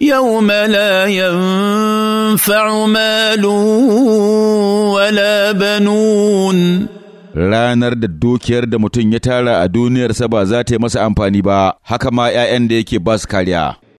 يوم لا ينفع مال ولا بنون ranar da dukiyar da mutum ya tara a duniyarsa ba za ta yi masa amfani ba haka ma 'ya'yan da yake ba su kariya